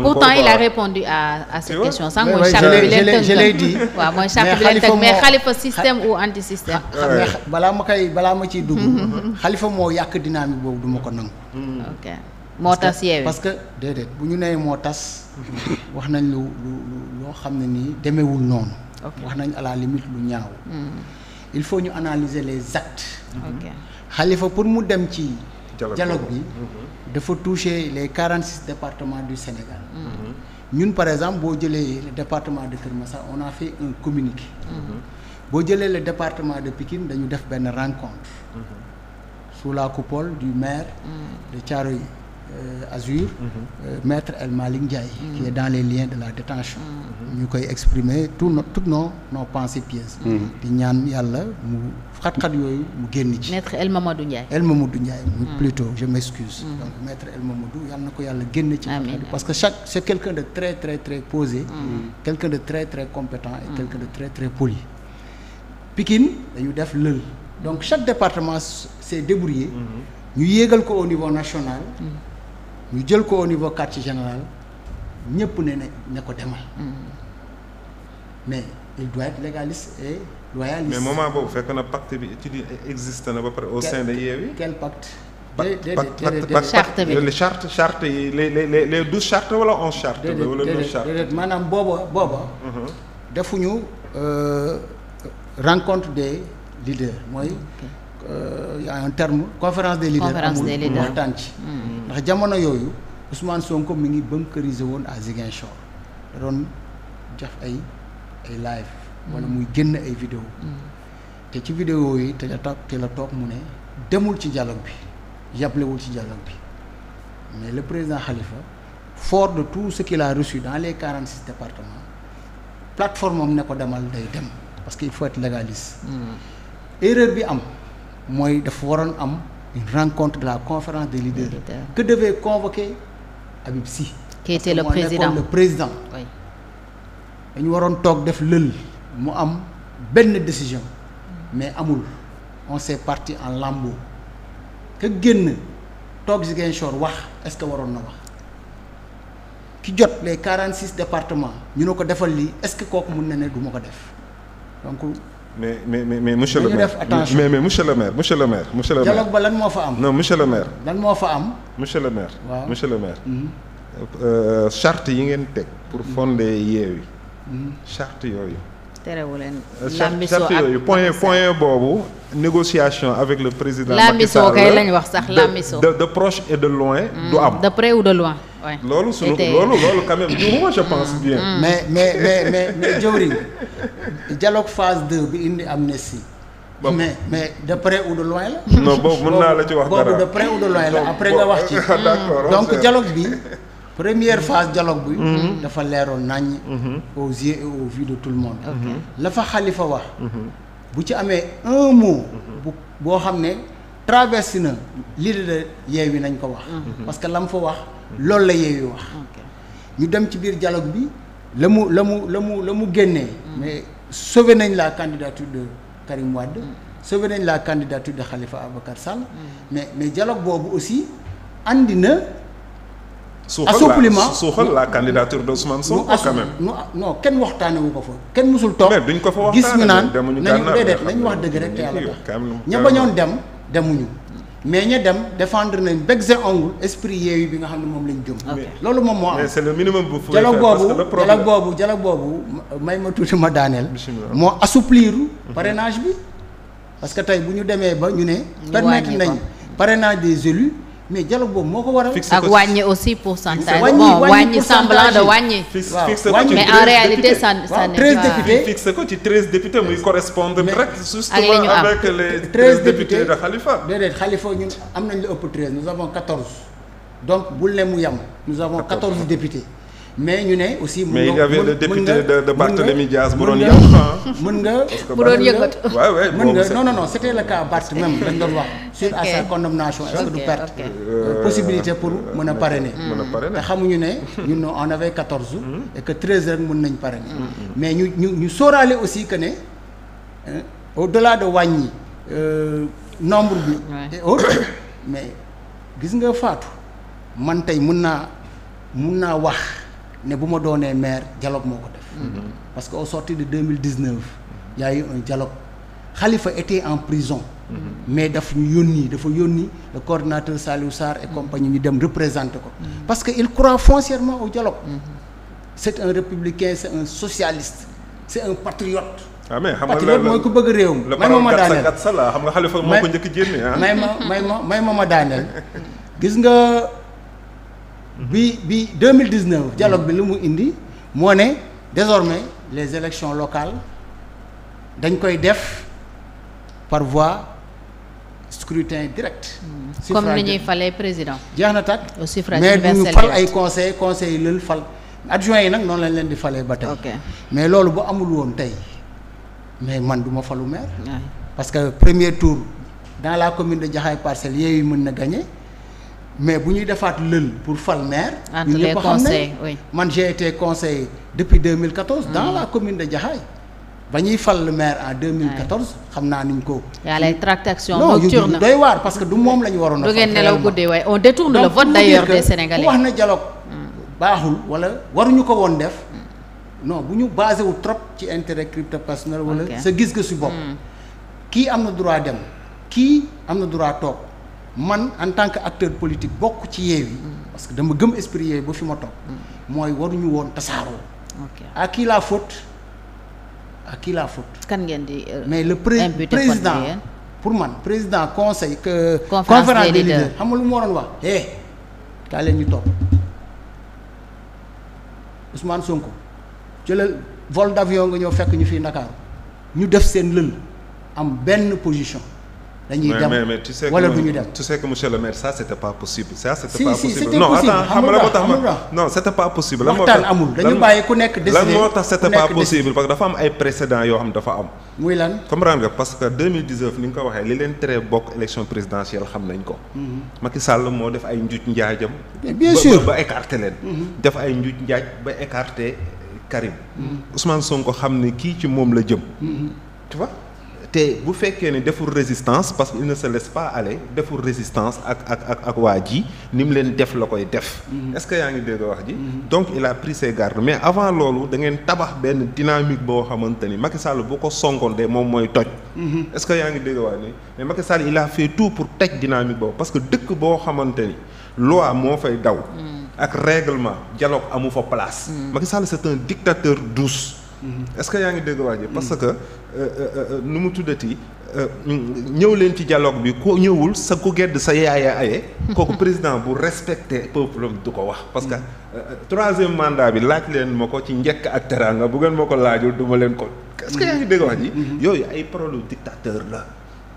pourtant il a répondu à à cette question sax mooy charte bi leen tënk je l'ai dit mooy charte bi leen tënk mais xalifa système ou anti système balaa ma koy balaa ma ciy dugg xalifa hmm. moo yàq dynamique boobu duma ko nangu hmm. moo tas yeewee parce que déedéet bu ñu nee moo tas wax nañ lu loo xam ne nii demeewul noonu wax nañ à la limite lu ñaaw hmm. il faut ñu analyser les actes xalifa pour mu dem ci dialogue bi dafa toucher les quarante six départements du Sénégal. ñun par exemple boo jëlee le département de Kër Massar on a fait un communiqué. boo jëlee le département de Pikine dañu def benn rencontre. Mhm. sous la coupole du maire mhm. de Thiaroye. Euh, Azur. Mhm. Euh, maître El Malick Ndiaye. Mhm. qui dans les liens de la détention. Mhm. ñu koy exprimer tout nos toutes nos nos pensées di ñaan yàlla mu xat-xat yooyu mu génn ci. maître El Mamadou Ndiaye. El Mamadou Ndiaye. plutôt je m'excuse. donc maître El Mamadou yal na ko yàlla génn ci. parce que chaque c'est quelqu'un de très très très posé. quelqu'un de très très compétent et quelqu'un de très très poli. Pikine dañu def lël. donc chaque département s'est débrouillé. ñu yéegal ko au niveau national. ñu jël ko au niveau quartier général ñëpp ne ne ne ko demal. Mm-hmm. mais il doit légaliste et loyaliste. mais moment boobu fekk na pacte bi étudié existe na ba pare au sein de Yewwi. quel pacte. déedéet déedéet charte bi charte charte yi les les les douze chartes wala onze chartes. déedéet wala douze maanaam booba booba. Mm-hmm. defuñu euh, rencontre des leaders mooy. en euh, a un terme conférence des leaders. conférence des leaders ci. Mm-hmm. ndax jamono yooyu Ousmane Sonko mi ngi bunkeriser woon à Ziguinchor da doon def ay ay live wala muy génn ay vidéo mm. te ci vidéo yi te la toog mu ne demul ci dialogue bi yablewul ci dialogue bi mais le président Khalifa fort de tout ce qu'il a reçu dans les quarante six départements plateforme ne ko demal day dem parce que il faut être légaliste. Mm. bi am mooy dafa waroon am une rencontre de la conférence des leaders. Leader. que devait convoquer Habib Sy. qui était le président président. oui dañu waroon toog def lël mu am benn décision mais amul on s'est parti en lambeaux que génn toog Ziguinchor wax est-ce que waroon na wax ki jot les 46 départements ñu ne ko defal lii est-ce que kooku mun na ne du ma ko def mais mais mais monsieur le maire mais mais monsieur le maire monsieur le maire. monsieur le maire dialogue ba lan moo fa am. non monsieur le maire. lan moo fa monsieur le maire. waaw monsieur le maire. Mhm. Euh, charte yi ngeen teg. pour mhm. fonder Yewwi. Mhm. charte yooyu. terewu leen. Euh, charte yooyu point point boobu. négociation avec le président. Macky Sall kay lañ wax sax lamiso de de proche et de loin. Mm. du am de près ou de loin. loolu sunu loolu loolu quand même je pense mm. bien. mais mais mais mais dialogue phase de bi indi amnistie mais mais de près ou de loin la. non boobu mën naa la ci wax dara boobu de près ou la après nga wax ci. donc dialogue bi première mhm. phase dialogue bi. Mhm. dafa leeroon naññ. Mhm. aux yeux et aux vues tout le monde. la fa xalifa wa bu ci amee un mot. boo xam ne traversé na li de yeewi nañ ko wax. parce que la mu fa wax lool la yeewi wax. ñu dem ci biir dialogue bi la mu la mu la mu la mu génnee. sauvé nañ la candidature de Karim Wade. sauvé nañ la candidature de Khalifa Abacar Sall. Mm. mais mais dialogue boobu aussi andi na. assouplissement suuxal la candidature de Ousmane Sonko quand même. non non kenn waxtaane wu ko fa kenn musul toog. duñ ko fa waxtaane gis ñu naan nañu déedéet nañu wax dëgg rek te yàlla tax ña bañoon dem demuñu. mais ña dem défendre nañ bec et ongle esprit yeeyu bi nga xam ne moom lañ jëm. loolu moom moo am. mais c'est le minimum bu dialogue boobu dialogue boobu dialogue boobu may ma tuuti ma daaneel. moo assouplir mhm. parrainage bi. parce que tey bu ñu demee ba ñu ne. permettre nañ parrainage des élus. mais dialogue boobu moo ko waral. ak wàññi aussi pourcentage. bon wàññi semblant de wàññi. waaw mais en réalité ça ça n'est pas. fixe ko ci treize députés muy correspondre rek. ak li ñu am avec les de Khalifa. déedéet Khalifa ñun am nañ lu ëpp treize nous avons quatorze. donc bul ne mu yem nous avons quatorze députés. mais ñu ne aussi. mais de de Barthélémy Diaz bu doon yàqu ah. nga bu doon yëngatu. waaw waaw mën nga non non non c' était le cas Barth même doon wax. suite à sa condamnation est-ce que du perte. Euh, possibilité pour mën a euh, parrainer. Hmm. mën a parrainer te xamuñu ne. ñun on avait quatorze. Hmm. et que treize heures mën nañ parrainer. Hmm, mais ñu ñu ñu sóoraale aussi que ne euh, au delà de wàññi nombre bi. et autres mais gis nga faatu man tey mun naa mun naa wax. ne bu ma doonee maire dialogue moo ko def. parce que au sorti de 2019. y a eu un dialogue Khalifa était en prison. mais daf ñu yónni dafa yónni le coordinateur Saliou Sarr et compagnie ñu dem représenté ko. parce que il croit foncièrement au dialogue. c' est un républicain c' est un socialiste c' est un patriote. Ah, mais xam nga patriote mooy ku bëgg réew mi. may ma ma daaneel xam nga Khalifa moo ko njëkk a jénne ah. ma may ma may ma ma daaneel gis nga. bi bi 2019 dialogue bi lu mu indi moo ne désormais les élections locales dañ koy def par voie scrutin direct. Hmm. comme ni ñuy falee président. jeex na tàkk au suffrage universel mais ñu fal ay conseil conseil yi fal adjoint yi nag noonu lañ leen di fale ba tey. mais loolu bu amul woon tey mais man du ma falu maire. parce que premier tour dans la commune de Jaxaay Parcelles yooyu mën na gagné. mais bu ñuy defaat lël pour fal maire. ñu ñëpp xam ne man j'ai été conseiller depuis 2014. dans mm. la commune de Jaxaay ba ñuy fal maire en 2014. xam naa niñ ko. yaa lay tractation nocturne non doy waar parce que du moom la ñu waroon a. du ngeen nelaw guddee waaye on détourne vote d'ailleurs des Sénégalais wax na dialogue mm. baaxul wala waruñu ko woon def mm. non bu ñu basé wu trop ci intérêt crypto personnel. wala sa gis-gisu bopp. kii am na droit dem kii am na droit toog. man en tant que acteur politique bokk ci Yewwi parce que dama gëm esprit Yewwi ba fi ma toog mooy waruñu woon tasaaroo à qui la faute à qui la faute kan ngeen euh, mais le président pour man président conseil que conférence des leaders xam nga lu mu waroon wax eh kaa leen ñu topp Ousmane Sonko jëlal vol d'avion nga ñëw fekk ñu fii Ndakaaru ñu def seen lël am benn position dañuy dem mais mais tu sais wala du ñu dem tu sais que monsieur le maire ça c'était pas possible. ça si, si, possible non attends xam nga moo tax ma non c'était pas possible. lan ku nekk décidé lan pas possible parce que dafa am ay précédents yoo xam dafa am. muy lan comprendre nga parce que ni nga ko waxee li leen tere bokk élection présidentielle xam nañ ko. Mhm. Macky moo def ay njuuj njaajam. bien ba ba leen. Mhm. def ay njuuj njaaj ba écarté Karim. Mhm. Ousmane Sonko xam ne kii ci moom la jëm. tu vois. te bu fekkee ne deful résistance parce qu'il ne se laisse pas aller deful résistance ak ak ak waa ji ni mu leen def la koy def. Mm-hmm. est-ce que yaa ngi dégg wax ji. Mm-hmm. donc il a pris ses gardes mais avant loolu da ngeen tabax benn dynamique boo xamante ni Macky Sall bu ko songoon de moom mooy toj. Mm-hmm. est-ce que yaa ngi dégg wax ni mais Macky Sall il a fait tout pour toj dynamique boobu que dëkk boo xamante ni loi moo fay daw. Mm. ak règlement dialogue amu fa place. Mm. Macky Sall c'est un dictateur douce. est-ce que yaa ngi dégg waa ji parce que euh, euh, euh, nu mu tuddati ñëw leen ci dialogue bi ko ñëwul sa ku gedd sa yaaya aye kooku président bu respecté peuple du ko wax parce que mm. troisième mandat bi laaj leen ma ko ci njekk ak teraanga bu ngeen ma ko laajul du ma leen ko est-ce que yaa dégg wax ji mm-hmm. yooyu ay problème dictateur la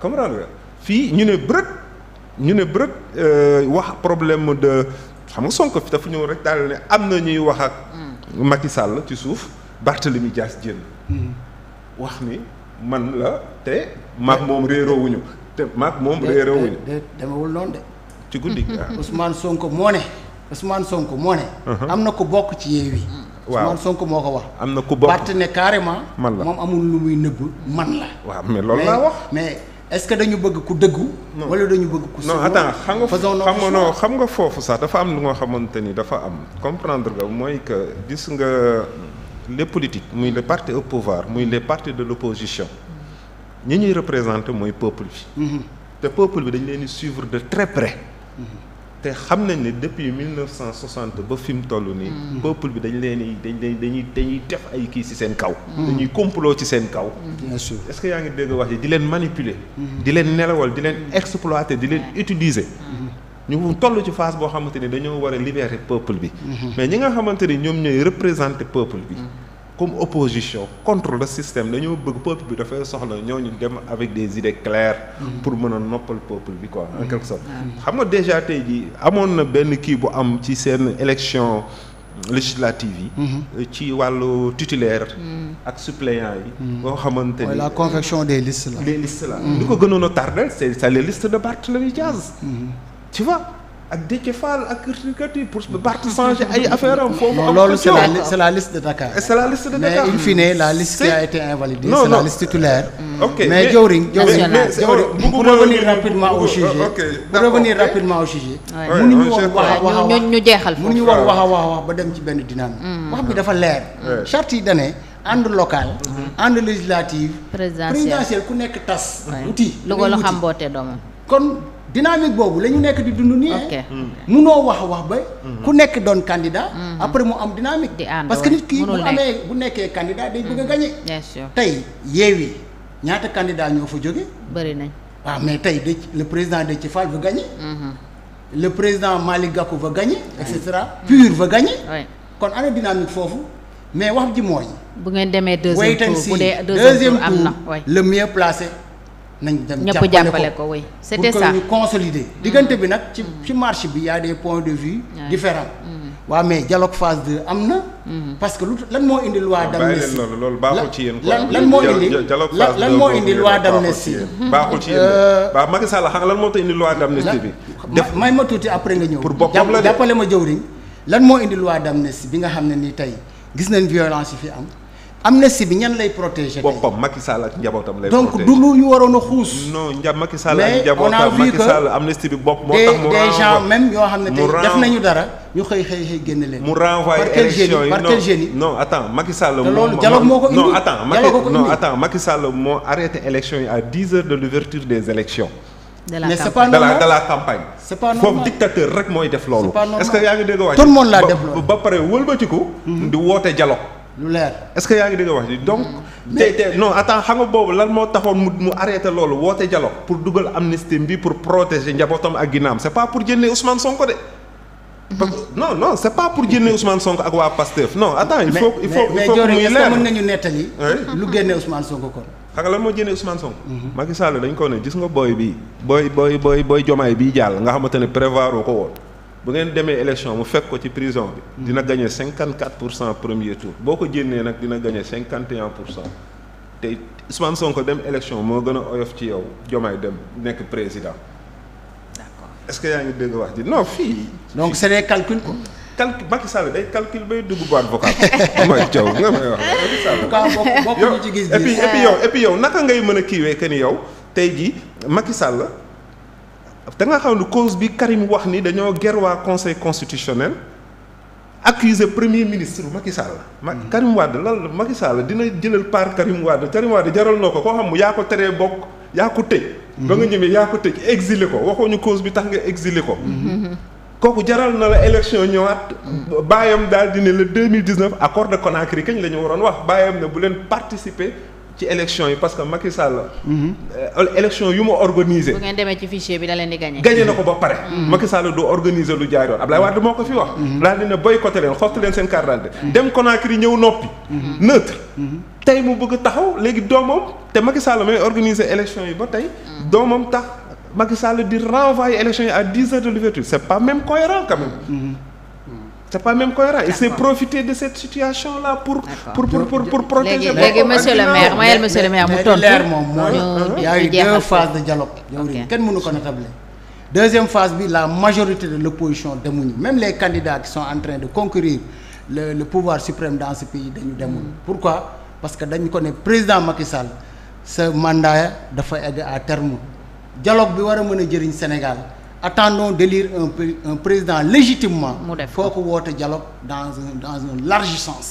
comprendre nga fii ñu ne bërët ñu ne bërët wax problème de xam nga Sonko fi dafa ñëw rek dal ne am na ñuy wax ak mm. Macky Sall ci suuf Barthélemy Dias jënd. wax ni man la te maag moom réeroowuñu te maag moom réeroowuñu de demewul noonu de ci guddi ah. Ousmane Sonko moo ne Ousmane Sonko moo ne uh-huh. am na ko bokk ci yeewi waaw Ousmane Sonko moo ko wax am na ku bokk Barth ne carrément man la moom amul lu muy nëbb man la waaw mais loolu laa mais est-ce que dañu bëgg ku dëggu wala dañu bëgg ku non attends xam nga xam nga non xam nga foofu sax dafa am lu nga xamante ni dafa am comprendre nga mooy que gis nga les politiques muy les partis au pouvoir muy les partis de l'opposition ñi ñuy représenté mooy peuple bi mhm. te peuple bi dañ leen di suivre de très près mhm. te xam nañ ne depuis mille neuf cent soixante ba fi mu toll nii mhm. peuple bi dañu leen di dañ dañ dañuy dañuy def ay kii ci seen kaw dañuy complot ci seen kaw bien sûr est-ce que yaa ngi dégg wax yi di leen manipuler di leen nelawal di leen exploité di leen utiliser ñu toll ci phase boo xamante ni dañoo war a libérer peuple bi. Mhm. mais ñi nga xamante ni ñoom ñooy représenter peuple bi. Mhm. comme opposition contre le système dañoo bëgg peuple bi dafay soxla ñooñu dem avec des idées claires. Mhm. pour mën a noppal peuple bi quoi. en quelque déjà tey jii amoon na benn kii bu am ci seen élection législative yi. ci wàllu titulaire. ak suppléant yi. boo xamante ni la convention des listes la. des listes li ko gënoon a tardé c'est les listes de tu vois ak Déthié Fall ak caricature pour Barth changer ay affaire am foofu. am loolu c'est liste de Dakar. mais in fine liste qui a été invalidée. non liste titulaire. ok mais jawriñ jawriñ pour revenir rapidement au sujet. ok pour revenir wax wax a ñu jeexal. wax a wax ba dem ci benn dynamique. Mm. wax bi dafa leer. charte yi da ne ànd local. Mm-hmm. ànd législative. présidentielle ku nekk tas. outil lu ko la xam boote doomam dynamique boobu la ñu nekk di dund nii. Hmm. munoo wax wax ba. Hmm. ku nekk doon candidat. Hmm. après mu am dynamique. di parce que nit ki bu amee bu nekkee candidat day bëgg a gagné. bien tey yeewi ñaata candidat ñoo fa jóge bëri nañ waa ah, mais tey de le président Déthié Fall va gagner. le président mali Gakou va gagner. et cetera PUR va kon ana dynamique foofu mais wax ji mooy. bu ngeen demee deuxième tour bu dee deuxième tour am na le mieux placé. nañ dem jàppale ko oui c'était ça pour que ñu consolider. diggante bi nag ci mm. ci marché bi yaa a des points de vue différents mm. waaw ouais, mais dialogue phase 2 am na. Mm. parce que lu lan moo indi loi d'amnistie loolu baaxul ci yéen lan moo indi lan moo indi loi d'amnistie baaxul ci yéen waaw euh, Macky Sall xam nga lan moo tax indi loi bi. def may ma tuuti après nga ñëw. pour boppam la jàppale ma jëwriñ lan moo indi loi d'amnistie bi nga xam ne nii tey gis nañ violence yi fi am. amnistie bi ñan lay protéger. boppam Macky Sall ak njabootam lay. protéger donc du lu ñu waroon a xuus. non nja Macky Sall ak njabootam Macky Sall amnistie bi bopp moo tax mu des gens xëy xëy leen. mu renvoyé élection yi par quel moo ko indi moo arrêté élection yi à dix heures de l'ouverture des élections de la mais campagne de la de la campagne. c'est pas mooy def loolu. est que yaa ngi dégg waay tout le monde laa def loolu ba pare wëlbatiku. Mhm. di woote dialogue lu leer est-ce yaa ngi dégg wax ji donc. tey tey non attends xam boobu lan moo tax mu mu arrêté loolu woote dialogue pour dugal amnistie bi pour protéger njabootam ak ginnaam c'est pas pour jëndee Ousmane Sonko de. parce que non pas pour génne Ousmane Sonko ak waa Pastef non attends il faut il faut il faut que muy leer mën nañu nettali. lu génne Ousmane Sonko kon. xam nga lan moo génne Ousmane Sonko. Mhm. Macky Sall dañ ko ne gis nga booy bii booy booy booy booy jomaay bii jàll nga xamante ne prévoir ko woon. bu ngeen demee élection mu fekk ko ci prison bi. Mm-hmm. dina gagné cinquante quatre pour cent premier tour boo ko génnee nag dina gagné cinquante et un pour cent te Ousmane Sonko dem élection moo gën a oyof ci yow Diomaye dem nekk président. d'accord ce que yaa ngi dégg wax di non fii. donc c'est des calculs quoi. calcul Macky Sall day calcul bay dugg boîte vocale mooy coow nga may wax Macky Sall. bokk bokk ñu ci gis-gis. et puis et puis yow et naka ngay mën a kiiwee que ni yow tey jii Macky Sall. da nga xam ne cause bi Karim wax ni dañoo ger waa conseil constitutionnel accuser premier ministre Macky Sall. Mm. Karim Wade lan la Macky Sall dina jëlal par Karim Wade Karim Wade jaral na ko koo xam mu yaa ko teree bokk yaa ko tëj. Mm-hmm. ba nga ñëwee yaa ko tëj exilé ko waxuñu cause bi tax nga exilé ko. Mm-hmm. kooku jaral na la élection ñëwaat mm-hmm. baayam daal di ne le 2019 accord de Conakry kañ la ñu waroon wax baayam na bu leen participer ci élection yi parce que Macky Sall. Mhm. Euh, élection yu mu organisé. bu ngeen demee ci fichier bi da leen di gagné. gagné na ko ba pare. Mhm. Macky Sall du organiser lu jaar yoon Ablaye Wade moo ko fi wax. Mhm. daal dina boycotté leen xotti leen seen carte d'identité dem Conakry ñëw noppi. neutre. tey mu bëgg taxaw léegi doomam te Macky Sall may organiser élection yi ba tey. doomam tax Macky Sall di renvoyer élection yi à dix heures de l'ouverture c'est pas même cohérent quand c'est pas même cohérent il s'est profité de cette situation là pour pour pour pour, pour protéger léegi monsieur le maire mayel monsieur le maire mu tontu a eu deux phases de dialogue yow ri kenn mënu ko natable deuxième phase bi la majorité de l'opposition demuñu même les candidats qui sont en train de concourir le le pouvoir suprême dans ce pays dañu demuñu mm. pourquoi parce que dañu ko ne président Macky Sall sa mandat dafa egg à terme dialogue bi war a mën a jëriñ Sénégal attendons d'élire un président légitimement. mu def foo ko woote dialogue dans un dans un large sens.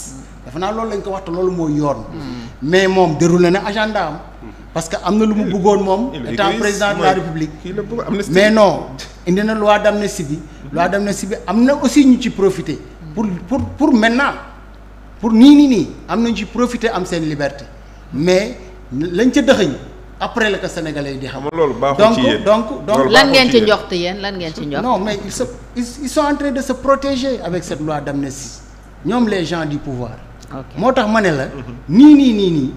dafa naa loolu lañ ko wax loolu mooy yoon. Mm. mais moom déroulé na agenda am. parce que am na lu mu bëggoon moom. étant président de la république. mais non indi na loi d'amnistie bi. loi d'amnistie bi am na aussi ñu ci profiter. pour pour pour maintenant pour nii nii nii am nañu ci profiter am seen liberté mais lañ ca dëxëñ. après la ko sénégalais yi di xam. loolu baaxul ci donc donc lan ngeen ci njox te yéen lan ngeen ci njox. non mais ils se ils sont en train de se protéger avec ñoom les gens du pouvoir. moo tax ma ne la. nii nii nii nii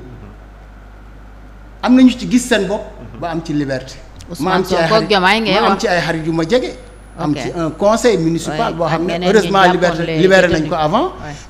am nañu ci gis seen bopp. Mhm. ba am ci liberté. ma am ci ay xarit ma am ci ay xarit yu ma jege. am ci un conseil municipal boo xam ne heureusement libéré libéré nañ ko avant.